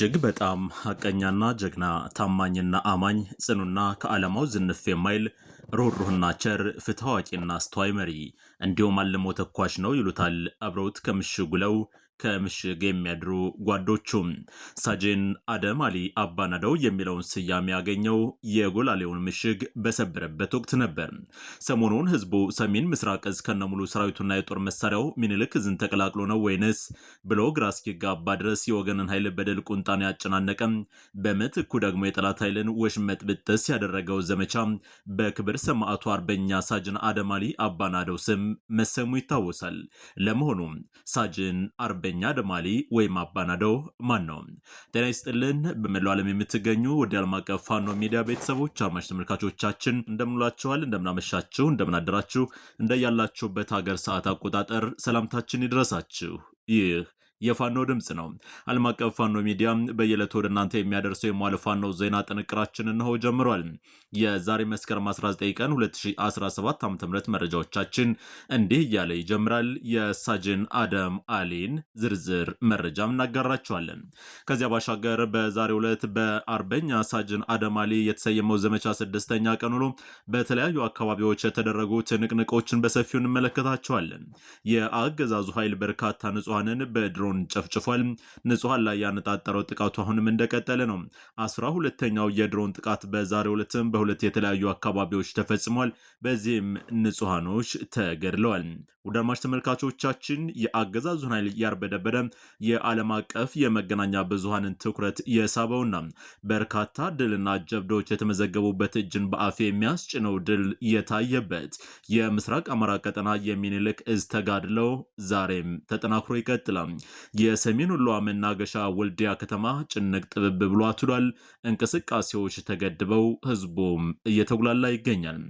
እጅግ በጣም ሀቀኛና ጀግና ታማኝና አማኝ ጽኑና ከዓላማው ዝንፍ የማይል ሩህሩህና ቸር ፍትህ አዋቂና አስተዋይ መሪ እንዲሁም አልሞ ተኳሽ ነው ይሉታል አብረውት ከምሽጉለው ከምሽግ የሚያድሩ ጓዶቹም ሳጅን አደም አሊ አባናደው የሚለውን ስያሜ ያገኘው የጎላሌውን ምሽግ በሰበረበት ወቅት ነበር። ሰሞኑን ህዝቡ ሰሜን ምስራቅ እዝ ከነሙሉ ሰራዊቱና የጦር መሳሪያው ሚኒልክ እዝን ተቀላቅሎ ነው ወይንስ ብሎ ግራ እስኪጋባ ድረስ የወገንን ኃይል በደል ቁንጣን ያጨናነቀም፣ በምትኩ ደግሞ የጠላት ኃይልን ወሽመጥ ብጥስ ያደረገው ዘመቻ በክብር ሰማዕቱ አርበኛ ሳጅን አደም አሊ አባናደው ስም መሰሙ ይታወሳል። ለመሆኑም ሳጅን አርበ ጓደኛ ደማሊ ወይም አባናደው ማን ነው? ጤና ይስጥልን በመላው ዓለም የምትገኙ ወደ ዓለም አቀፍ ፋኖ ሚዲያ ቤተሰቦች አድማጭ ተመልካቾቻችን እንደምንላችኋል፣ እንደምናመሻችሁ፣ እንደምናደራችሁ እንደያላችሁበት ሀገር ሰዓት አቆጣጠር ሰላምታችን ይድረሳችሁ። ይህ የፋኖ ድምፅ ነው። ዓለም አቀፍ ፋኖ ሚዲያ በየዕለቱ ወደ እናንተ የሚያደርሰው የሟለ ፋኖ ዜና ጥንቅራችን እንሆ ጀምሯል። የዛሬ መስከረም 19 ቀን 2017 ዓ ም መረጃዎቻችን እንዲህ እያለ ይጀምራል። የሳጅን አደም አሊን ዝርዝር መረጃም እናጋራቸዋለን። ከዚያ ባሻገር በዛሬው ዕለት በአርበኛ ሳጅን አደም አሊ የተሰየመው ዘመቻ ስድስተኛ ቀን ውሎ በተለያዩ አካባቢዎች የተደረጉ ትንቅንቆችን በሰፊው እንመለከታቸዋለን። የአገዛዙ ኃይል በርካታ ንጹሐንን በድሮ ድሮን ጨፍጭፏል። ንጹሐን ላይ ያነጣጠረው ጥቃቱ አሁንም እንደቀጠለ ነው። አስራ ሁለተኛው የድሮን ጥቃት በዛሬው ዕለትም በሁለት የተለያዩ አካባቢዎች ተፈጽሟል። በዚህም ንጹሐኖች ተገድለዋል። ውዳማሽ ተመልካቾቻችን የአገዛዙን ኃይል ያርበደበደ የዓለም አቀፍ የመገናኛ ብዙሃንን ትኩረት የሳበውና በርካታ ድልና ጀብዶች የተመዘገቡበት እጅን በአፍ የሚያስጭነው ድል የታየበት የምስራቅ አማራ ቀጠና የሚንልክ እዝ ተጋድለው ዛሬም ተጠናክሮ ይቀጥላል። የሰሜን ወሎዋ መናገሻ ወልዲያ ከተማ ጭንቅ ጥብብ ብሎ ውሏል። እንቅስቃሴዎች ተገድበው ህዝቡም እየተጉላላ ይገኛል።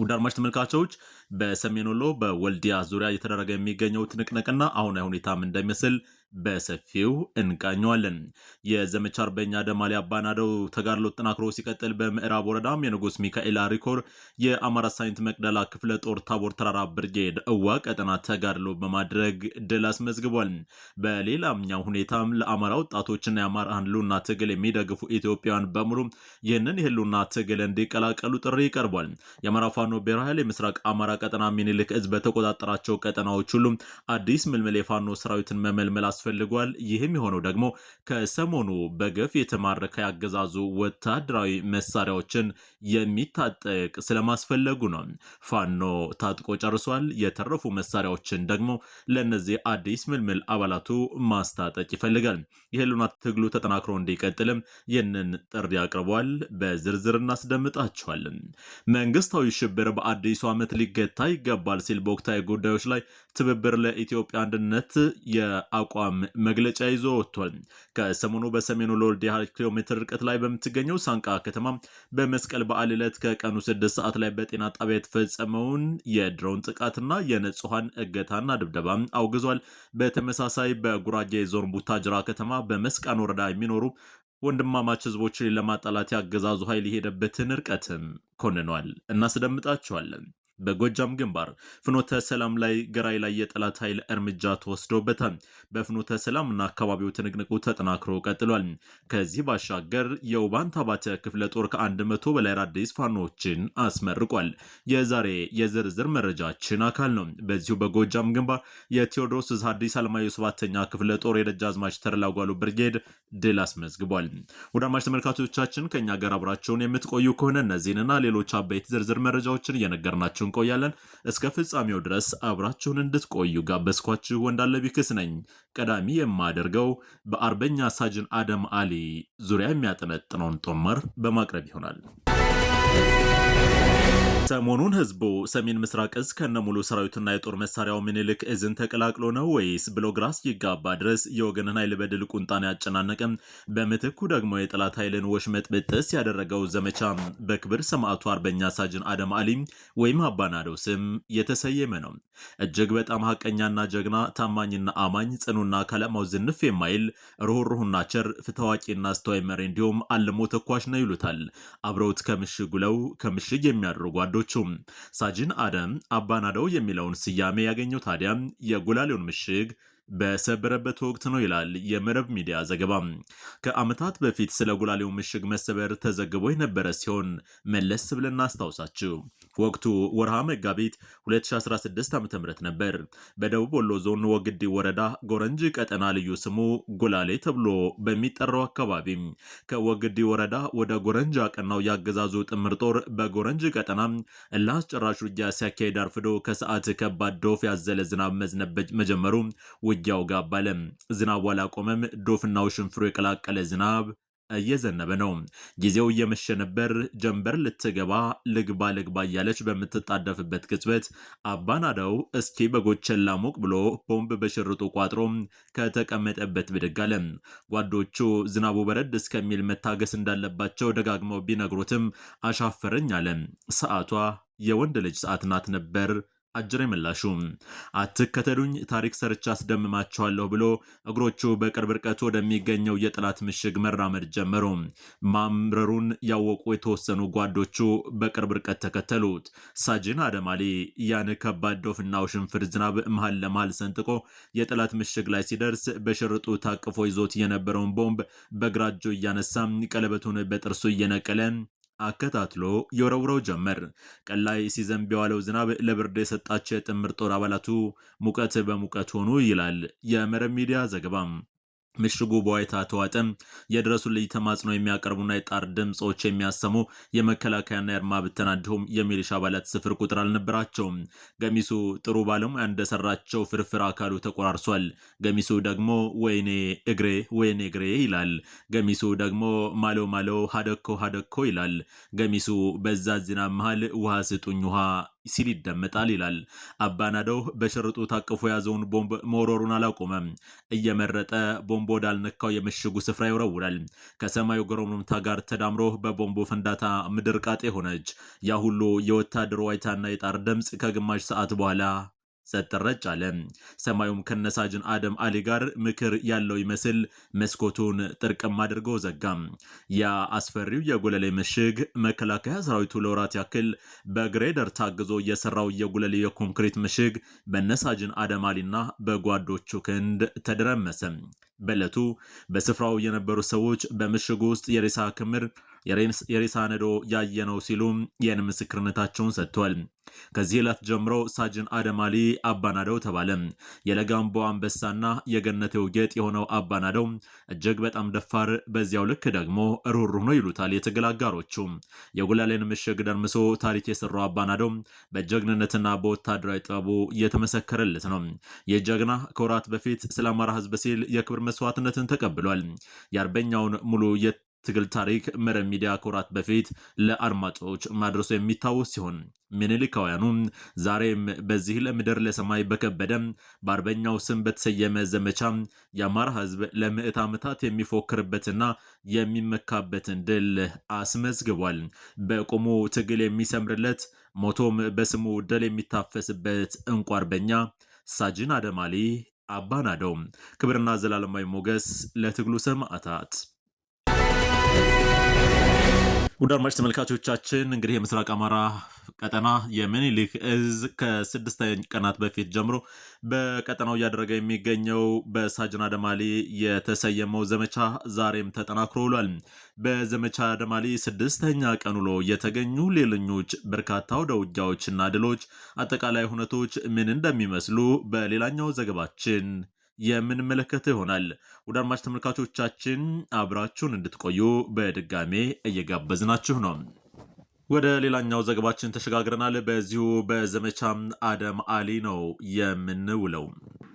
ውድ አድማጭ ተመልካቾች በሰሜን ወሎ በወልዲያ ዙሪያ እየተደረገ የሚገኘው ትንቅንቅና አሁናዊ ሁኔታም እንደሚመስል በሰፊው እንቃኘዋለን። የዘመቻ አርበኛ ደማሊ አባናደው ተጋድሎ ጠናክሮ ሲቀጥል በምዕራብ ወረዳም የንጉስ ሚካኤል አሪኮር የአማራ ሳይንት መቅደላ ክፍለ ጦር ታቦር ተራራ ብርጌድ እዋ ቀጠና ተጋድሎ በማድረግ ድል አስመዝግቧል። በሌላኛው ሁኔታም ለአማራ ወጣቶችና የአማራ ህልውና ትግል የሚደግፉ ኢትዮጵያውያን በሙሉ ይህንን የህልውና ትግል እንዲቀላቀሉ ጥሪ ይቀርቧል። የአማራ ፋኖ ብሔራዊ ኃይል የምስራቅ አማራ ቀጠና ሚኒልክ እዝ በተቆጣጠራቸው ቀጠናዎች ሁሉ አዲስ ምልምል የፋኖ ሰራዊትን መመልመል ያስፈልጓል። ይህም የሆነው ደግሞ ከሰሞኑ በገፍ የተማረከ ያገዛዙ ወታደራዊ መሳሪያዎችን የሚታጠቅ ስለማስፈለጉ ነው። ፋኖ ታጥቆ ጨርሷል። የተረፉ መሳሪያዎችን ደግሞ ለእነዚህ አዲስ ምልምል አባላቱ ማስታጠቅ ይፈልጋል። የህልውና ትግሉ ተጠናክሮ እንዲቀጥልም ይህንን ጥሪ አቅርቧል። በዝርዝር እናስደምጣቸዋለን። መንግስታዊ ሽብር በአዲሱ ዓመት ሊገታ ይገባል ሲል በወቅታዊ ጉዳዮች ላይ ትብብር ለኢትዮጵያ አንድነት የአቋም መግለጫ ይዞ ወጥቷል። ከሰሞኑ በሰሜኑ ለወልድ ያህል ኪሎ ሜትር ርቀት ላይ በምትገኘው ሳንቃ ከተማ በመስቀል በዓል ዕለት ከቀኑ ስድስት ሰዓት ላይ በጤና ጣቢያ የተፈጸመውን የድሮን ጥቃትና የንጹሐን እገታና ድብደባ አውግዟል። በተመሳሳይ በጉራጌ ዞን ቡታጅራ ከተማ በመስቃን ወረዳ የሚኖሩ ወንድማማች ህዝቦችን ለማጣላት ያገዛዙ ኃይል የሄደበትን እርቀትም ኮንኗል። እናስደምጣቸዋለን። በጎጃም ግንባር ፍኖተ ሰላም ላይ ገራይ ላይ የጠላት ኃይል እርምጃ ተወስዶበታል። በፍኖተ ሰላምና አካባቢው ትንቅንቁ ተጠናክሮ ቀጥሏል። ከዚህ ባሻገር የውባንት አባተ ክፍለ ጦር ከአንድ መቶ በላይ አዳዲስ ፋኖችን አስመርቋል። የዛሬ የዝርዝር መረጃችን አካል ነው። በዚሁ በጎጃም ግንባር የቴዎድሮስ እዝ ሐዲስ ዓለማየሁ ሰባተኛ ክፍለ ጦር የደጃዝማች ተርላጓሉ ብርጌድ ድል አስመዝግቧል። ወደ ተመልካቾቻችን ከእኛ ጋር አብራቸውን የምትቆዩ ከሆነ እነዚህንና ሌሎች አበይት ዝርዝር መረጃዎችን እየነገርናቸው አብረናችሁ እንቆያለን። እስከ ፍጻሜው ድረስ አብራችሁን እንድትቆዩ ጋበዝኳችሁ። ወንዳለ ቢክስ ነኝ። ቀዳሚ የማደርገው በአርበኛ ሳጅን አደም አሊ ዙሪያ የሚያጠነጥነውን ጦመር በማቅረብ ይሆናል። ሰሞኑን ህዝቡ ሰሜን ምስራቅ እዝ ከነሙሉ ሰራዊቱና የጦር መሳሪያው ምኒልክ እዝን ተቀላቅሎ ነው ወይስ ብሎ ግራ እስኪጋባ ድረስ የወገንን ኃይል በድል ቁንጣን ያጨናነቀም፣ በምትኩ ደግሞ የጠላት ኃይልን ወሽመጥ ብጥስ ያደረገው ዘመቻ በክብር ሰማዕቱ አርበኛ ሳጅን አደም አሊም ወይም አባናደው ስም የተሰየመ ነው። እጅግ በጣም ሀቀኛና ጀግና፣ ታማኝና አማኝ፣ ጽኑና ካለማው ዝንፍ የማይል ሩህሩህና ቸር፣ ፍታዋቂና አስተዋይ መሪ እንዲሁም አልሞ ተኳሽ ነው ይሉታል። አብረውት ከምሽግ ውለው ከምሽግ የሚያደርጉ አንዳንዶቹ። ሳጅን አደም አባናደው የሚለውን ስያሜ ያገኘው ታዲያ የጉላሌውን ምሽግ በሰበረበት ወቅት ነው ይላል የመረብ ሚዲያ ዘገባ። ከዓመታት በፊት ስለ ጉላሌው ምሽግ መሰበር ተዘግቦ የነበረ ሲሆን መለስ ብለን እናስታውሳችሁ። ወቅቱ ወርሃ መጋቢት 2016 ዓ ም ነበር። በደቡብ ወሎ ዞን ወግዲ ወረዳ ጎረንጅ ቀጠና ልዩ ስሙ ጉላሌ ተብሎ በሚጠራው አካባቢ ከወግዲ ወረዳ ወደ ጎረንጅ አቀናው ያገዛዙ ጥምር ጦር በጎረንጅ ቀጠና እልህ አስጨራሽ ውጊያ ሲያካሄድ አርፍዶ ከሰዓት ከባድ ዶፍ ያዘለ ዝናብ መዝነበጅ መጀመሩ ውጊያው ጋብ አለ። ዝናቡ አላቆመም። ዶፍናው ሽንፍሮ የቀላቀለ ዝናብ እየዘነበ ነው። ጊዜው እየመሸ ነበር። ጀንበር ልትገባ ልግባ ልግባ እያለች በምትጣደፍበት ቅጽበት አባናዳው እስኪ በጎቸላ ሞቅ ብሎ ቦምብ በሽርጡ ቋጥሮ ከተቀመጠበት ብድግ አለ። ጓዶቹ ዝናቡ በረድ እስከሚል መታገስ እንዳለባቸው ደጋግመው ቢነግሩትም አሻፈረኝ አለ። ሰዓቷ የወንድ ልጅ ሰዓት ናት ነበር አጅሬ ምላሹ አትከተሉኝ ታሪክ ሰርቻ አስደምማቸዋለሁ ብሎ እግሮቹ በቅርብ ርቀት ወደሚገኘው የጠላት ምሽግ መራመድ ጀመሩ። ማምረሩን ያወቁ የተወሰኑ ጓዶቹ በቅርብ ርቀት ተከተሉት። ሳጅን አደማሊ ያን ከባድ ዶፍና ውሽንፍር ዝናብ መሃል ለመሃል ሰንጥቆ የጠላት ምሽግ ላይ ሲደርስ በሽርጡ ታቅፎ ይዞት የነበረውን ቦምብ በግራ እጁ እያነሳ ቀለበቱን በጥርሱ እየነቀለ አከታትሎ የወረውረው ጀመር። ቀን ላይ ሲዘንብ የዋለው ዝናብ ለብርድ የሰጣቸው የጥምር ጦር አባላቱ ሙቀት በሙቀት ሆኑ ይላል የመረብ ሚዲያ ዘገባም። ምሽጉ በዋይታ ተዋጠም። ልጅ ተማጽኖ የሚያቀርቡና የጣር ድምፆች የሚያሰሙ የመከላከያና የአድማ ብተና እንዲሁም የሚሊሻ አባላት ስፍር ቁጥር አልነበራቸውም። ገሚሱ ጥሩ ባለሙያ እንደሰራቸው ፍርፍር አካሉ ተቆራርሷል። ገሚሱ ደግሞ ወይኔ እግሬ ወይኔ እግሬ ይላል። ገሚሱ ደግሞ ማለው ማለው ሀደኮ ሀደኮ ይላል። ገሚሱ በዛ ዝናብ መሃል ውሃ ስጡኝ ውሃ ሲል ይደመጣል ይላል። አባናደው በሽርጡ ታቅፎ የያዘውን ቦምብ መወረሩን አላቆመም። እየመረጠ ቦምብ ወዳልነካው የምሽጉ ስፍራ ይወረውራል። ከሰማዩ ገረምታ ጋር ተዳምሮ በቦምቡ ፍንዳታ ምድር ቃጤ ሆነች። ያ ሁሉ የወታደሩ ዋይታና የጣር ድምፅ ከግማሽ ሰዓት በኋላ ሰጥረጭ አለ። ሰማዩም ከነሳጅን አደም አሊ ጋር ምክር ያለው ይመስል መስኮቱን ጥርቅም አድርጎ ዘጋም። ያ አስፈሪው የጉለሌ ምሽግ መከላከያ ሰራዊቱ ለወራት ያክል በግሬደር ታግዞ የሰራው የጉለሌ የኮንክሪት ምሽግ በነሳጅን አደም አሊና በጓዶቹ ክንድ ተደረመሰ። በዕለቱ በስፍራው የነበሩ ሰዎች በምሽጉ ውስጥ የሬሳ ክምር የሬሳ ነዶ ያየ ነው ሲሉም ይህን ምስክርነታቸውን ሰጥቷል። ከዚህ ዕለት ጀምሮ ሳጅን አደማሊ አባናደው ተባለ። የለጋምቦ አንበሳና የገነቴው ጌጥ የሆነው አባናደው እጅግ በጣም ደፋር፣ በዚያው ልክ ደግሞ ሩህሩህ ነው ይሉታል የትግል አጋሮቹ። የጉላሌን ምሽግ ደርምሶ ታሪክ የሰራው አባናደው በጀግንነትና በወታደራዊ ጥበቡ እየተመሰከረለት ነው። ይህ ጀግና ከወራት በፊት ስለ አማራ ህዝብ ሲል የክብር መስዋዕትነትን ተቀብሏል። የአርበኛውን ሙሉ ትግል ታሪክ መረብ ሚዲያ ከወራት በፊት ለአድማጮች ማድረሱ የሚታወስ ሲሆን ምኒልካውያኑ ዛሬም በዚህ ለምድር ለሰማይ በከበደ በአርበኛው ስም በተሰየመ ዘመቻ የአማራ ሕዝብ ለምዕት ዓመታት የሚፎክርበትና የሚመካበትን ድል አስመዝግቧል። በቆሞ ትግል የሚሰምርለት ሞቶም በስሙ ድል የሚታፈስበት እንቁ አርበኛ ሳጅን አደማሊ አባናደው ክብርና ዘላለማዊ ሞገስ ለትግሉ ሰማዕታት። ውድ አድማጭ ተመልካቾቻችን እንግዲህ የምስራቅ አማራ ቀጠና የምኒልክ እዝ ከስድስት ቀናት በፊት ጀምሮ በቀጠናው እያደረገ የሚገኘው በሳጅን አደማሊ የተሰየመው ዘመቻ ዛሬም ተጠናክሮ ውሏል። በዘመቻ አደማሊ ስድስተኛ ቀን ውሎ የተገኙ ሌለኞች በርካታ ወደ ውጊያዎችና ድሎች አጠቃላይ ሁነቶች ምን እንደሚመስሉ በሌላኛው ዘገባችን የምንመለከተው ይሆናል። ወደ አድማጭ ተመልካቾቻችን አብራችሁን እንድትቆዩ በድጋሜ እየጋበዝናችሁ ነው። ወደ ሌላኛው ዘገባችን ተሸጋግረናል። በዚሁ በዘመቻ አደም አሊ ነው የምንውለው።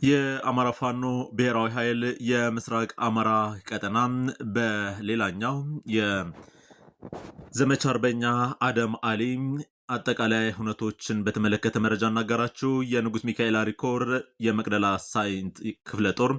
የአማራ ፋኖ ብሔራዊ ኃይል የምስራቅ አማራ ቀጠና በሌላኛው የዘመቻ አርበኛ አደም አሊ አጠቃላይ ሁነቶችን በተመለከተ መረጃ እናገራችው የንጉስ ሚካኤል አሪኮር የመቅደላ ሳይንት ክፍለ ጦር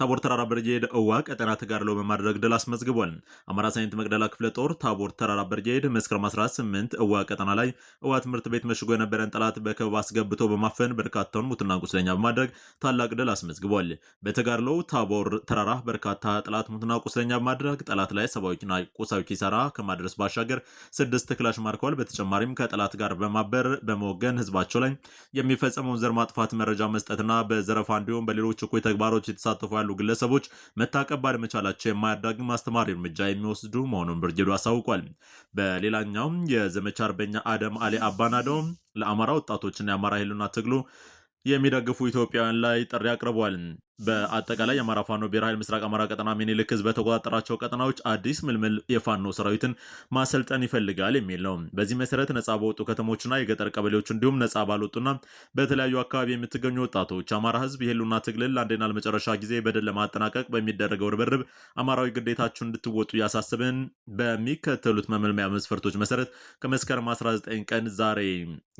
ታቦር ተራራ ብርጌድ እዋ ቀጠና ተጋድሎ በማድረግ ድል አስመዝግቧል። አማራ ሳይንት መቅደላ ክፍለ ጦር ታቦር ተራራ ብርጌድ መስከረም 18 እዋ ቀጠና ላይ እዋ ትምህርት ቤት መሽጎ የነበረን ጠላት በከበባ አስገብቶ በማፈን በርካታውን ሙትና ቁስለኛ በማድረግ ታላቅ ድል አስመዝግቧል። በተጋድሎው ታቦር ተራራ በርካታ ጠላት ሙትና ቁስለኛ በማድረግ ጠላት ላይ ሰብአዊና ቁሳዊ ኪሳራ ከማድረስ ባሻገር ስድስት ክላሽ ማርከዋል። በተጨማሪም ከጠላት ጋር በማበር በመወገን ህዝባቸው ላይ የሚፈጸመውን ዘር ማጥፋት መረጃ መስጠትና በዘረፋ እንዲሁም በሌሎች እኩይ ተግባሮች የተሳተፉ ያሉ ግለሰቦች መታቀብ ባለመቻላቸው የማያዳግም አስተማሪ እርምጃ የሚወስዱ መሆኑን ብርጅዱ አሳውቋል። በሌላኛውም የዘመቻ አርበኛ አደም አሊ አባናዶ ለአማራ ወጣቶችና የአማራ ህልና ትግሉ የሚደግፉ ኢትዮጵያውያን ላይ ጥሪ አቅርቧል። በአጠቃላይ የአማራ ፋኖ ብሔር ኃይል ምስራቅ አማራ ቀጠና ሚኒልክ ህዝብ በተቆጣጠራቸው ቀጠናዎች አዲስ ምልምል የፋኖ ሰራዊትን ማሰልጠን ይፈልጋል የሚል ነው። በዚህ መሰረት ነጻ በወጡ ከተሞችና የገጠር ቀበሌዎች እንዲሁም ነጻ ባልወጡና በተለያዩ አካባቢ የምትገኙ ወጣቶች አማራ ህዝብ የህሉና ትግልን ለአንዴና ለመጨረሻ ጊዜ በድል ለማጠናቀቅ በሚደረገው ርብርብ አማራዊ ግዴታችሁን እንድትወጡ እያሳስብን በሚከተሉት መመልመያ መስፈርቶች መሰረት ከመስከረም 19 ቀን ዛሬ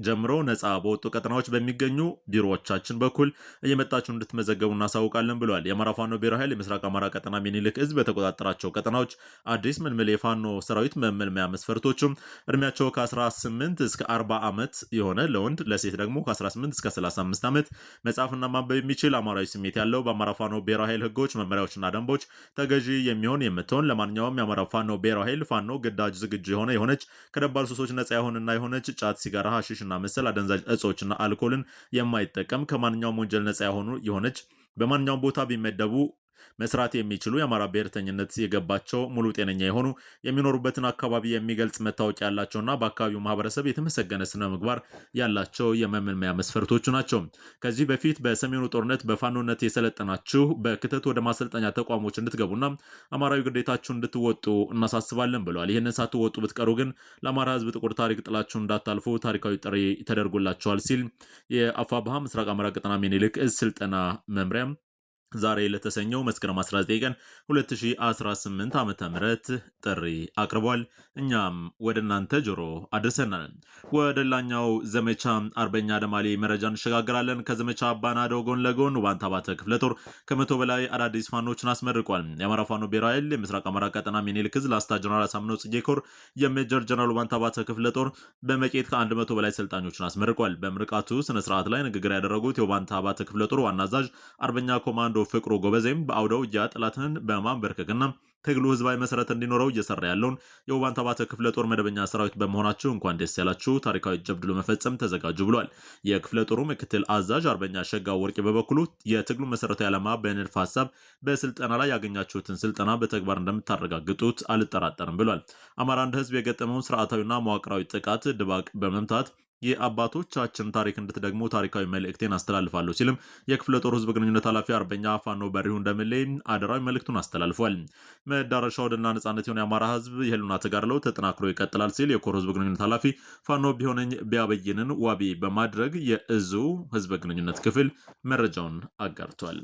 ጀምሮ ነጻ በወጡ ቀጠናዎች በሚገኙ ቢሮዎቻችን በኩል እየመጣችሁ እንድትመዘገቡ እናሳውቅ እናውቃለን ብለዋል። የአማራ ፋኖ ብሔራዊ ኃይል የምስራቅ አማራ ቀጠና ሚኒልክ እዝ በተቆጣጠራቸው ቀጠናዎች አዲስ ምልምል የፋኖ ሰራዊት መመልመያ መስፈርቶቹም እድሜያቸው ከ18 እስከ 40 ዓመት የሆነ ለወንድ ለሴት ደግሞ ከ18 እስከ 35 ዓመት መጻፍና ማንበብ የሚችል አማራዊ ስሜት ያለው በአማራ ፋኖ ብሔራዊ ኃይል ህጎች፣ መመሪያዎችና ደንቦች ተገዢ የሚሆን የምትሆን ለማንኛውም የአማራ ፋኖ ብሔራዊ ኃይል ፋኖ ግዳጅ ዝግጁ የሆነ የሆነች ከደባል ሱሶች ነጻ የሆንና የሆነች ጫት፣ ሲጋራ፣ እና መሰል አደንዛዥ እጾችና አልኮልን የማይጠቀም ከማንኛውም ወንጀል ነጻ የሆኑ የሆነች በማንኛውም ቦታ ቢመደቡ መስራት የሚችሉ የአማራ ብሔርተኝነት የገባቸው ሙሉ ጤነኛ የሆኑ የሚኖሩበትን አካባቢ የሚገልጽ መታወቂያ ያላቸውና በአካባቢው ማህበረሰብ የተመሰገነ ስነ ምግባር ያላቸው የመመልመያ መስፈርቶቹ ናቸው። ከዚህ በፊት በሰሜኑ ጦርነት በፋኖነት የሰለጠናችሁ በክተት ወደ ማሰልጠኛ ተቋሞች እንድትገቡና አማራዊ ግዴታችሁ እንድትወጡ እናሳስባለን ብለዋል። ይህንን ሳትወጡ ብትቀሩ ግን ለአማራ ህዝብ ጥቁር ታሪክ ጥላችሁ እንዳታልፉ ታሪካዊ ጥሪ ተደርጎላቸዋል ሲል የአፋብሃ ምስራቅ አማራ ቀጠና ሚኒልክ እዝ ስልጠና መምሪያም ዛሬ ለተሰኘው መስከረም 19 ቀን 2018 ዓ ም ጥሪ አቅርቧል። እኛም ወደ እናንተ ጆሮ አድርሰናል። ወደ ላኛው ዘመቻ አርበኛ ደማሌ መረጃ እንሸጋግራለን። ከዘመቻ አባናዶ ጎን ለጎን ውባንታ ባተ ክፍለ ጦር ከመቶ በላይ አዳዲስ ፋኖችን አስመርቋል። የአማራ ፋኖ ብሔራዊ ኃይል የምስራቅ አማራ ቀጠና ሚኒልክ ዕዝ ላስታ ጀነራል አሳምነው ጽጌ ኮር የሜጀር ጀነራል ውባንታ ባተ ክፍለ ጦር በመቄት ከ100 በላይ ሰልጣኞችን አስመርቋል። በምርቃቱ ስነስርዓት ላይ ንግግር ያደረጉት የውባንታ ባተ ክፍለ ጦር ዋና አዛዥ አርበኛ ኮማንዶ ፍቅሩ ጎበዜም በአውደ ውጊያ ጠላትን በማንበርከክና ትግሉ ህዝባዊ መሰረት እንዲኖረው እየሰራ ያለውን የውባን ተባተ ክፍለ ጦር መደበኛ ሰራዊት በመሆናችሁ እንኳን ደስ ያላችሁ፣ ታሪካዊ ጀብድ ለመፈጸም ተዘጋጁ ብሏል። የክፍለ ጦሩ ምክትል አዛዥ አርበኛ ሸጋ ወርቂ በበኩሉ የትግሉ መሰረታዊ ዓላማ በንድፍ ሀሳብ በስልጠና ላይ ያገኛችሁትን ስልጠና በተግባር እንደምታረጋግጡት አልጠራጠርም ብሏል። አማራ ህዝብ የገጠመውን ስርዓታዊና መዋቅራዊ ጥቃት ድባቅ በመምታት የአባቶቻችን ታሪክ እንድትደግሞ ታሪካዊ መልእክቴን አስተላልፋለሁ ሲልም የክፍለ ጦር ህዝብ ግንኙነት ኃላፊ አርበኛ ፋኖ በሪሁ እንደምሌ አደራዊ መልእክቱን አስተላልፏል። መዳረሻ ወደና ነጻነት የሆነ የአማራ ህዝብ የህልና ተጋድሎ ተጠናክሮ ይቀጥላል ሲል የኮር ህዝብ ግንኙነት ኃላፊ ፋኖ ቢሆነኝ ቢያበይንን ዋቢ በማድረግ የእዙ ህዝብ ግንኙነት ክፍል መረጃውን አጋርቷል።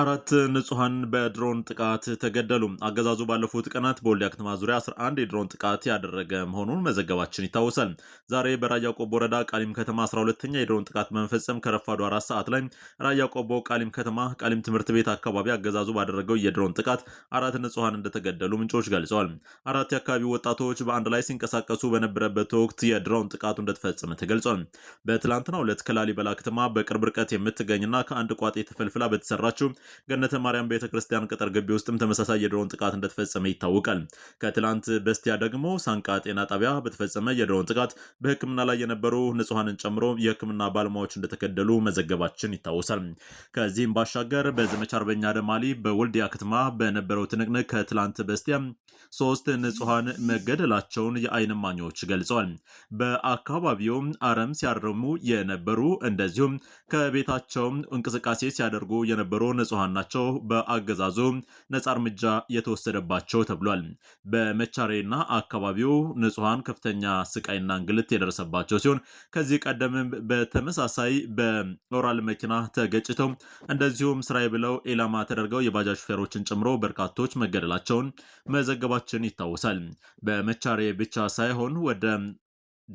አራት ንጹሐን በድሮን ጥቃት ተገደሉ። አገዛዙ ባለፉት ቀናት በወልዲያ ከተማ ዙሪያ 11 የድሮን ጥቃት ያደረገ መሆኑን መዘገባችን ይታወሳል። ዛሬ በራያ ቆቦ ወረዳ ቃሊም ከተማ 12ተኛ የድሮን ጥቃት በመፈጸም ከረፋዱ አራት ሰዓት ላይ ራያ ቆቦ ቃሊም ከተማ ቃሊም ትምህርት ቤት አካባቢ አገዛዙ ባደረገው የድሮን ጥቃት አራት ንጹሐን እንደተገደሉ ምንጮች ገልጸዋል። አራት የአካባቢው ወጣቶች በአንድ ላይ ሲንቀሳቀሱ በነበረበት ወቅት የድሮን ጥቃቱ እንደተፈጸመ ተገልጿል። በትላንትና ሁለት ከላሊበላ ከተማ በቅርብ ርቀት የምትገኝና ከአንድ ቋጤ ተፈልፍላ በተሰራችው ገነተ ማርያም ቤተ ክርስቲያን ቅጥር ግቢ ውስጥም ተመሳሳይ የድሮን ጥቃት እንደተፈጸመ ይታወቃል። ከትላንት በስቲያ ደግሞ ሳንቃ ጤና ጣቢያ በተፈጸመ የድሮን ጥቃት በሕክምና ላይ የነበሩ ንጹሐንን ጨምሮ የሕክምና ባለሙያዎች እንደተገደሉ መዘገባችን ይታወሳል። ከዚህም ባሻገር በዘመቻ አርበኛ ደማሊ በወልዲያ ከተማ በነበረው ትንቅንቅ ከትላንት በስቲያ ሶስት ንጹሐን መገደላቸውን የአይን እማኞች ገልጸዋል። በአካባቢው አረም ሲያርሙ የነበሩ እንደዚሁም ከቤታቸው እንቅስቃሴ ሲያደርጉ የነበሩ ንጹ ንጹሐን ናቸው፣ በአገዛዙ ነጻ እርምጃ የተወሰደባቸው ተብሏል። በመቻሬና አካባቢው ንጹሐን ከፍተኛ ስቃይና እንግልት የደረሰባቸው ሲሆን ከዚህ ቀደም በተመሳሳይ በኦራል መኪና ተገጭተው እንደዚሁም ስራይ ብለው ኢላማ ተደርገው የባጃጅ ሹፌሮችን ጨምሮ በርካቶች መገደላቸውን መዘገባችን ይታወሳል። በመቻሬ ብቻ ሳይሆን ወደ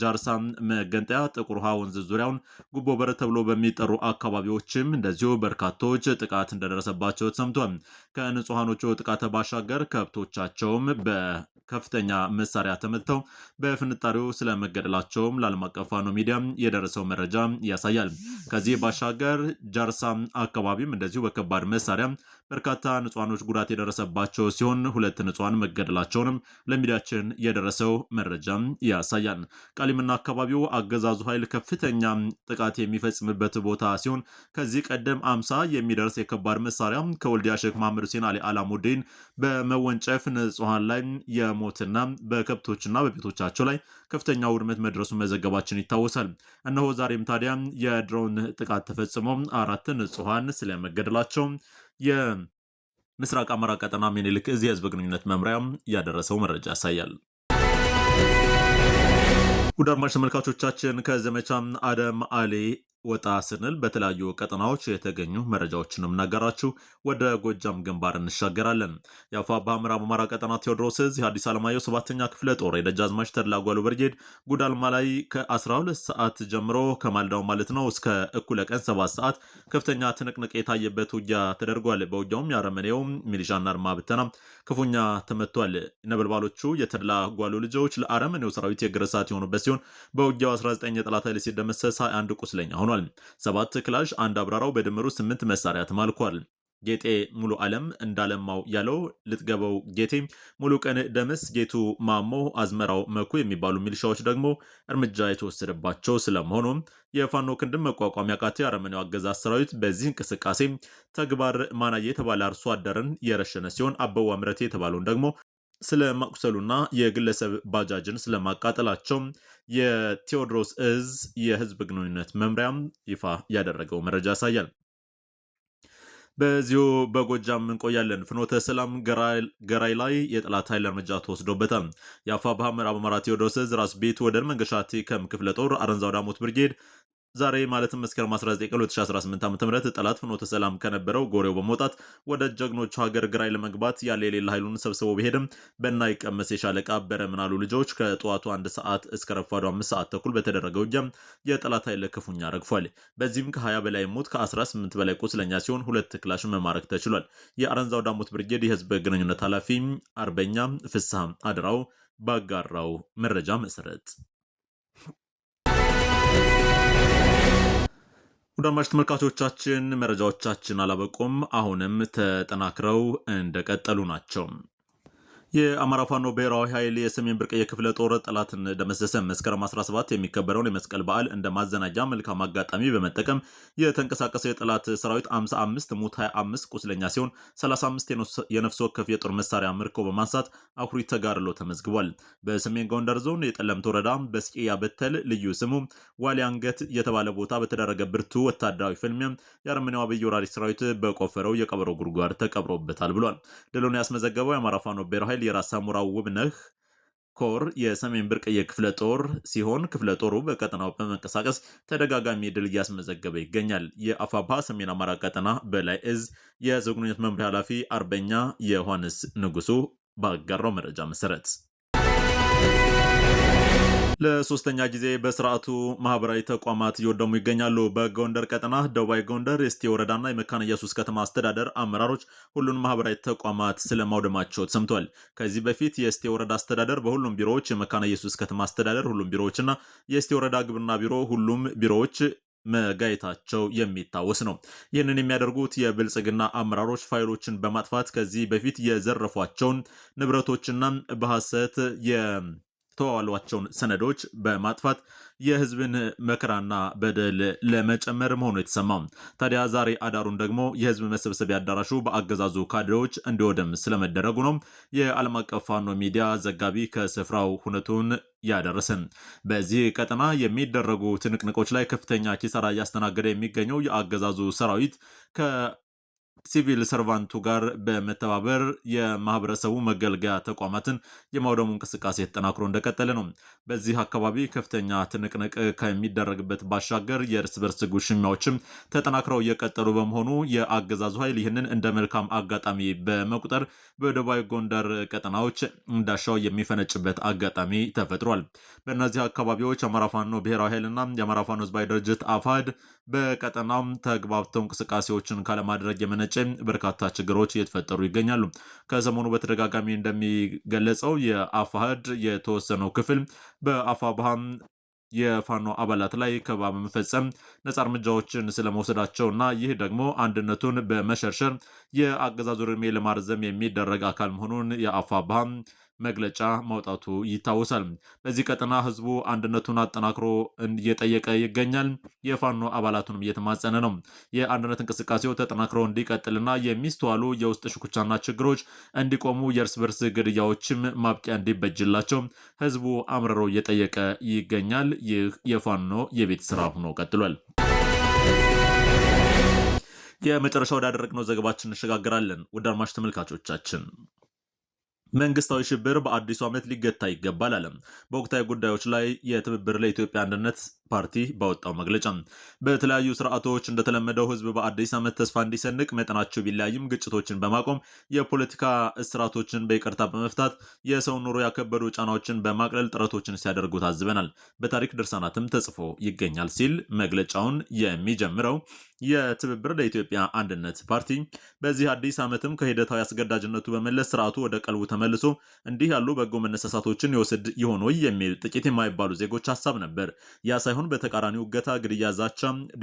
ጃርሳም መገንጠያ፣ ጥቁር ውሃ ወንዝ ዙሪያውን ጉቦ በር ተብሎ በሚጠሩ አካባቢዎችም እንደዚሁ በርካቶች ጥቃት እንደደረሰባቸው ተሰምቷል። ከንጹሐኖቹ ጥቃት ባሻገር ከብቶቻቸውም በከፍተኛ መሳሪያ ተመትተው በፍንጣሪው ስለመገደላቸውም ለዓለም አቀፍ ፋኖ ሚዲያ የደረሰው መረጃ ያሳያል። ከዚህ ባሻገር ጃርሳ አካባቢም እንደዚሁ በከባድ መሳሪያ በርካታ ንጹሐኖች ጉዳት የደረሰባቸው ሲሆን ሁለት ንጹሐን መገደላቸውንም ለሚዲያችን የደረሰው መረጃም ያሳያል። ቃሊምና አካባቢው አገዛዙ ኃይል ከፍተኛ ጥቃት የሚፈጽምበት ቦታ ሲሆን ከዚህ ቀደም አምሳ የሚደርስ የከባድ መሳሪያ ከወልዲያ ሼክ መሐመድ ሁሴን አሊ አላሙዲን በመወንጨፍ ንጹሐን ላይ የሞትና በከብቶችና በቤቶቻቸው ላይ ከፍተኛ ውድመት መድረሱ መዘገባችን ይታወሳል። እነሆ ዛሬም ታዲያ የድሮን ጥቃት ተፈጽሞ አራት ንጹሐን ስለመገደላቸው የምስራቅ አማራ ቀጠና ምኒልክ እዚህ የህዝብ ግንኙነት መምሪያ ያደረሰው መረጃ ያሳያል። ውድ አድማጭ ተመልካቾቻችን ከዘመቻ አደም አሌ። ወጣ ስንል በተለያዩ ቀጠናዎች የተገኙ መረጃዎችንም ነገራችሁ። ወደ ጎጃም ግንባር እንሻገራለን። የአፋ ባህ አማራ ቀጠና ቴዎድሮስ ዕዝ የሐዲስ ዓለማየሁ ሰባተኛ ክፍለ ጦር የደጃዝማች ተድላ ጓሉ ብርጌድ ጉዳልማ ላይ ከ12 ሰዓት ጀምሮ ከማልዳው ማለት ነው እስከ እኩለ ቀን 7 ሰዓት ከፍተኛ ትንቅንቅ የታየበት ውጊያ ተደርጓል። በውጊያውም የአረመኔው ሚሊሻና አድማ ብተና ክፉኛ ተመቷል። ነበልባሎቹ የተድላ ጓሉ ልጆች ለአረመኔው ሰራዊት የግረሳት የሆኑበት ሲሆን በውጊያው 19 የጠላት ኃይል ሲደመሰስ 21 ቁስለኛ ሆኗል። ሰባት ክላሽ፣ አንድ አብራራው በድምሩ ስምንት መሳሪያ ተማልኳል። ጌጤ ሙሉ ዓለም እንዳለማው ያለው ልጥገበው ጌቴ፣ ሙሉ ቀን ደምስ፣ ጌቱ ማሞ፣ አዝመራው መኩ የሚባሉ ሚልሻዎች ደግሞ እርምጃ የተወሰደባቸው ስለመሆኑ የፋኖ ክንድም መቋቋም ያቃተው የአረመኔው አገዛዝ ሰራዊት በዚህ እንቅስቃሴ ተግባር ማናዬ የተባለ አርሶ አደርን የረሸነ ሲሆን አበዋ ምረቴ የተባለውን ደግሞ ስለ የግለሰብ ባጃጅን ስለማቃጠላቸው የቴዎድሮስ እዝ የህዝብ ግንኙነት መምሪያም ይፋ ያደረገው መረጃ ያሳያል። በዚሁ በጎጃም እንቆያለን። ፍኖተ ሰላም ገራይ ላይ የጠላት ኃይል እርምጃ ተወስዶበታል። የአፋ ባህ ምዕራብ አማራ ቴዎድሮስ እዝ ራስ ቤት ወደ መንገሻቴ ከም ክፍለ ጦር አረንዛው ዳሞት ብርጌድ ዛሬ ማለትም መስከረም 19 ቀን 2018 ዓ ም ጠላት ፍኖተ ሰላም ከነበረው ጎሬው በመውጣት ወደ ጀግኖቹ ሀገር ግራይ ለመግባት ያለ የሌለ ኃይሉን ሰብስቦ ቢሄድም በናይ ቀመስ የሻለቃ በረምናሉ ልጆች ከጠዋቱ አንድ ሰዓት እስከ ረፋዱ አምስት ሰዓት ተኩል በተደረገው ውጊያ የጠላት ኃይል ክፉኛ ረግፏል። በዚህም ከ20 በላይ ሞት ከ18 በላይ ቁስለኛ ሲሆን ሁለት ክላሽ መማረክ ተችሏል። የአረንዛው ዳሞት ብርጌድ የህዝብ ግንኙነት ኃላፊ አርበኛ ፍስሐ አድራው ባጋራው መረጃ መሰረት ውዳማሽ ተመልካቾቻችን መረጃዎቻችን አላበቁም፣ አሁንም ተጠናክረው እንደቀጠሉ ናቸው። የአማራ ፋኖ ብሔራዊ ኃይል የሰሜን ብርቅዬ ክፍለ ጦር ጠላትን ደመሰሰ። መስከረም 17 የሚከበረውን የመስቀል በዓል እንደ ማዘናጃ መልካም አጋጣሚ በመጠቀም የተንቀሳቀሰ የጠላት ሰራዊት 55 ሙት፣ 25 ቁስለኛ ሲሆን 35 የነፍስ ወከፍ የጦር መሳሪያ ምርኮ በማንሳት አኩሪ ተጋድሎ ተመዝግቧል። በሰሜን ጎንደር ዞን የጠለምት ወረዳ በስቄ ያበተል ልዩ ስሙ ዋሊ አንገት የተባለ ቦታ በተደረገ ብርቱ ወታደራዊ ፍልሚያ የአርመኒያው አብይ ወራሪ ሰራዊት በቆፈረው የቀበሮ ጉድጓድ ተቀብሮበታል ብሏል። ድሉን ያስመዘገበው የአማራ ፋኖ ብሔራዊ ሙራ ውብ ውብነህ ኮር የሰሜን ብርቅዬ ክፍለ ጦር ሲሆን ክፍለ ጦሩ በቀጠናው በመንቀሳቀስ ተደጋጋሚ ድል እያስመዘገበ ይገኛል። የአፋባ ሰሜን አማራ ቀጠና በላይ እዝ የህዝብ ግንኙነት መምሪያ ኃላፊ አርበኛ የዮሐንስ ንጉሱ ባጋራው መረጃ መሰረት ለሶስተኛ ጊዜ በስርዓቱ ማህበራዊ ተቋማት እየወደሙ ይገኛሉ። በጎንደር ቀጠና ደባይ ጎንደር የእስቴ ወረዳና የመካነ ኢየሱስ ከተማ አስተዳደር አመራሮች ሁሉን ማህበራዊ ተቋማት ስለማውደማቸው ተሰምቷል። ከዚህ በፊት የእስቴ ወረዳ አስተዳደር በሁሉም ቢሮዎች፣ የመካነ ኢየሱስ ከተማ አስተዳደር ሁሉም ቢሮዎችና የእስቴ ወረዳ ግብርና ቢሮ ሁሉም ቢሮዎች መጋየታቸው የሚታወስ ነው። ይህንን የሚያደርጉት የብልጽግና አመራሮች ፋይሎችን በማጥፋት ከዚህ በፊት የዘረፏቸውን ንብረቶችና በሐሰት ያስተዋሏቸውን ሰነዶች በማጥፋት የህዝብን መከራና በደል ለመጨመር መሆኑ የተሰማው ታዲያ ዛሬ አዳሩን ደግሞ የህዝብ መሰብሰቢያ አዳራሹ በአገዛዙ ካድሬዎች እንዲወደም ስለመደረጉ ነው የዓለም አቀፍ ፋኖ ሚዲያ ዘጋቢ ከስፍራው ሁነቱን ያደረሰን። በዚህ ቀጠና የሚደረጉ ትንቅንቆች ላይ ከፍተኛ ኪሳራ እያስተናገደ የሚገኘው የአገዛዙ ሰራዊት ከ ሲቪል ሰርቫንቱ ጋር በመተባበር የማህበረሰቡ መገልገያ ተቋማትን የማውደሙ እንቅስቃሴ ተጠናክሮ እንደቀጠለ ነው። በዚህ አካባቢ ከፍተኛ ትንቅንቅ ከሚደረግበት ባሻገር የእርስ በርስ ጉሽሚያዎችም ተጠናክረው እየቀጠሉ በመሆኑ የአገዛዙ ኃይል ይህንን እንደ መልካም አጋጣሚ በመቁጠር በደቡባዊ ጎንደር ቀጠናዎች እንዳሻው የሚፈነጭበት አጋጣሚ ተፈጥሯል። በእነዚህ አካባቢዎች የአማራ ፋኖ ብሔራዊ ኃይልና የአማራ ፋኖ ህዝባዊ ድርጅት አፋድ በቀጠናም ተግባብተው እንቅስቃሴዎችን ካለማድረግ የመነ በመነጨ በርካታ ችግሮች እየተፈጠሩ ይገኛሉ። ከሰሞኑ በተደጋጋሚ እንደሚገለጸው የአፋህድ የተወሰነው ክፍል በአፋብሃም የፋኖ አባላት ላይ ከባ በመፈጸም ነጻ እርምጃዎችን ስለመውሰዳቸውና ይህ ደግሞ አንድነቱን በመሸርሸር የአገዛዙ ዕድሜ ለማርዘም የሚደረግ አካል መሆኑን የአፋብሃም መግለጫ ማውጣቱ ይታወሳል። በዚህ ቀጠና ህዝቡ አንድነቱን አጠናክሮ እየጠየቀ ይገኛል። የፋኖ አባላቱንም እየተማጸነ ነው። የአንድነት እንቅስቃሴው ተጠናክሮ እንዲቀጥልና የሚስተዋሉ የውስጥ ሽኩቻና ችግሮች እንዲቆሙ፣ የእርስ በርስ ግድያዎችም ማብቂያ እንዲበጅላቸው ህዝቡ አምርሮ እየጠየቀ ይገኛል። ይህ የፋኖ የቤት ስራ ሆኖ ቀጥሏል። የመጨረሻ ወዳደረግነው ዘገባችን እንሸጋግራለን። ወደ አድማሽ ተመልካቾቻችን መንግስታዊ ሽብር በአዲሱ ዓመት ሊገታ ይገባል አለም በወቅታዊ ጉዳዮች ላይ የትብብር ለኢትዮጵያ አንድነት ፓርቲ ባወጣው መግለጫ በተለያዩ ስርዓቶች እንደተለመደው ህዝብ በአዲስ ዓመት ተስፋ እንዲሰንቅ መጠናቸው ቢለያይም ግጭቶችን በማቆም የፖለቲካ እስራቶችን በይቅርታ በመፍታት የሰውን ኑሮ ያከበዱ ጫናዎችን በማቅለል ጥረቶችን ሲያደርጉ ታዝበናል። በታሪክ ድርሳናትም ተጽፎ ይገኛል ሲል መግለጫውን የሚጀምረው የትብብር ለኢትዮጵያ አንድነት ፓርቲ በዚህ አዲስ ዓመትም ከሂደታዊ አስገዳጅነቱ በመለስ ስርዓቱ ወደ ቀልቡ ተመልሶ እንዲህ ያሉ በጎ መነሳሳቶችን የወስድ ይሆን ወይ የሚል ጥቂት የማይባሉ ዜጎች ሀሳብ ነበር። ያ ሳይሆን በተቃራኒው እገታ፣ ግድያ፣ ዛቻ፣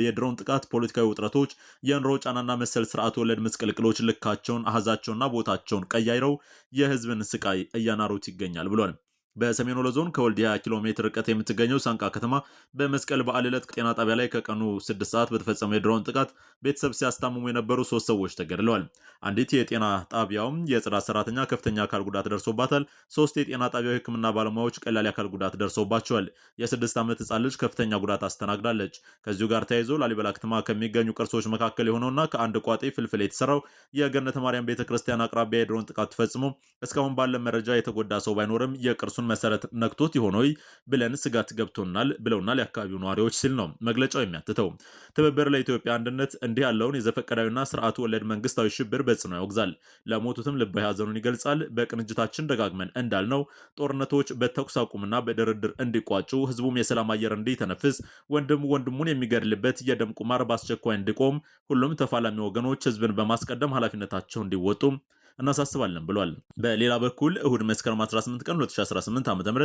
የድሮን ጥቃት፣ ፖለቲካዊ ውጥረቶች፣ የኑሮ ጫናና መሰል ስርዓት ወለድ ምስቅልቅሎች ልካቸውን አህዛቸውና ቦታቸውን ቀያይረው የህዝብን ስቃይ እያናሩት ይገኛል ብሏል። በሰሜን ወሎ ዞን ከወልዲያ ኪሎ ሜትር ርቀት የምትገኘው ሳንቃ ከተማ በመስቀል በዓል ዕለት ጤና ጣቢያ ላይ ከቀኑ ስድስት ሰዓት በተፈጸመ የድሮን ጥቃት ቤተሰብ ሲያስታምሙ የነበሩ ሶስት ሰዎች ተገድለዋል። አንዲት የጤና ጣቢያውም የጽዳት ሰራተኛ ከፍተኛ አካል ጉዳት ደርሶባታል። ሶስት የጤና ጣቢያው የሕክምና ባለሙያዎች ቀላል አካል ጉዳት ደርሶባቸዋል። የስድስት ዓመት ህፃን ልጅ ከፍተኛ ጉዳት አስተናግዳለች። ከዚሁ ጋር ተያይዞ ላሊበላ ከተማ ከሚገኙ ቅርሶች መካከል የሆነውና ከአንድ ቋጤ ፍልፍል የተሰራው የገነተ ማርያም ቤተክርስቲያን አቅራቢያ የድሮን ጥቃት ተፈጽሞ እስካሁን ባለ መረጃ የተጎዳ ሰው ባይኖርም የቅርሱን የጥቅምን መሰረት ነክቶት ይሆኖይ ብለን ስጋት ገብቶናል ብለውናል የአካባቢው ነዋሪዎች ሲል ነው መግለጫው የሚያትተው። ትብብር ለኢትዮጵያ አንድነት እንዲህ ያለውን የዘፈቀዳዊና ስርዓቱ ወለድ መንግስታዊ ሽብር በጽኖ ያወግዛል። ለሞቱትም ልባዊ ይገልጻል። በቅንጅታችን ደጋግመን እንዳልነው ጦርነቶች በተኩስ አቁምና በድርድር እንዲቋጩ፣ ህዝቡም የሰላም አየር እንዲተነፍስ፣ ወንድም ወንድሙን የሚገድልበት የደም ቁማር በአስቸኳይ እንዲቆም፣ ሁሉም ተፋላሚ ወገኖች ህዝብን በማስቀደም ኃላፊነታቸው እንዲወጡ እናሳስባለን ብሏል። በሌላ በኩል እሁድ መስከረም 18 ቀን 2018 ዓ.ም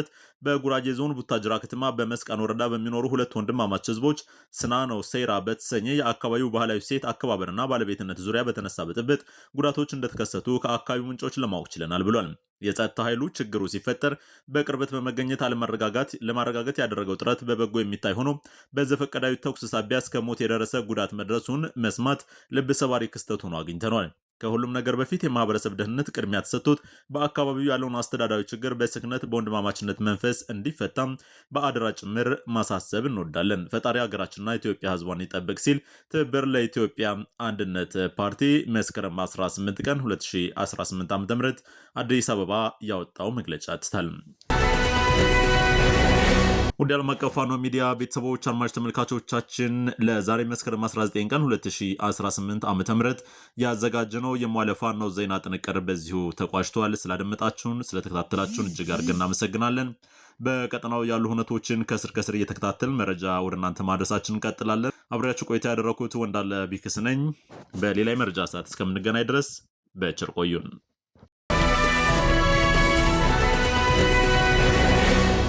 በጉራጌ ዞን ቡታጅራ ከተማ በመስቃን ወረዳ በሚኖሩ ሁለት ወንድማማች ህዝቦች ስናኖ ሴራ በተሰኘ የአካባቢው ባህላዊ ሴት አከባበርና ባለቤትነት ዙሪያ በተነሳ ብጥብጥ ጉዳቶች እንደተከሰቱ ከአካባቢው ምንጮች ለማወቅ ችለናል ብሏል። የጸጥታ ኃይሉ ችግሩ ሲፈጠር በቅርበት በመገኘት አለመረጋጋት ለማረጋገት ያደረገው ጥረት በበጎ የሚታይ ሆኖ በዘፈቀዳዊ ተኩስ ሳቢያ እስከ ሞት የደረሰ ጉዳት መድረሱን መስማት ልብ ሰባሪ ክስተት ሆኖ አግኝተኗል። ከሁሉም ነገር በፊት የማህበረሰብ ደህንነት ቅድሚያ ተሰጥቶት በአካባቢው ያለውን አስተዳዳዊ ችግር በስክነት በወንድማማችነት መንፈስ እንዲፈታም በአደራ ጭምር ማሳሰብ እንወዳለን። ፈጣሪ ሀገራችንና ኢትዮጵያ ህዝቧን ይጠብቅ ሲል ትብብር ለኢትዮጵያ አንድነት ፓርቲ መስከረም 18 ቀን 2018 ዓ.ም አዲስ አበባ ያወጣው መግለጫ ትታል። ወደ ዓለም አቀፍ ፋኖ ሚዲያ ቤተሰቦች አድማጭ ተመልካቾቻችን ለዛሬ መስከረም 19 ቀን 2018 ዓ ም ያዘጋጀነው የሟለ ፋኖ ዜና ጥንቅር በዚሁ ተቋጭተዋል። ስላደመጣችሁን፣ ስለተከታተላችሁን እጅግ አድርገን እናመሰግናለን። በቀጠናው ያሉ ሁነቶችን ከስር ከስር እየተከታተል መረጃ ወደ እናንተ ማድረሳችን እንቀጥላለን። አብሬያችሁ ቆይታ ያደረኩት ወንዳለ ቢክስ ነኝ። በሌላ መረጃ ሰዓት እስከምንገናኝ ድረስ በቸር ቆዩን።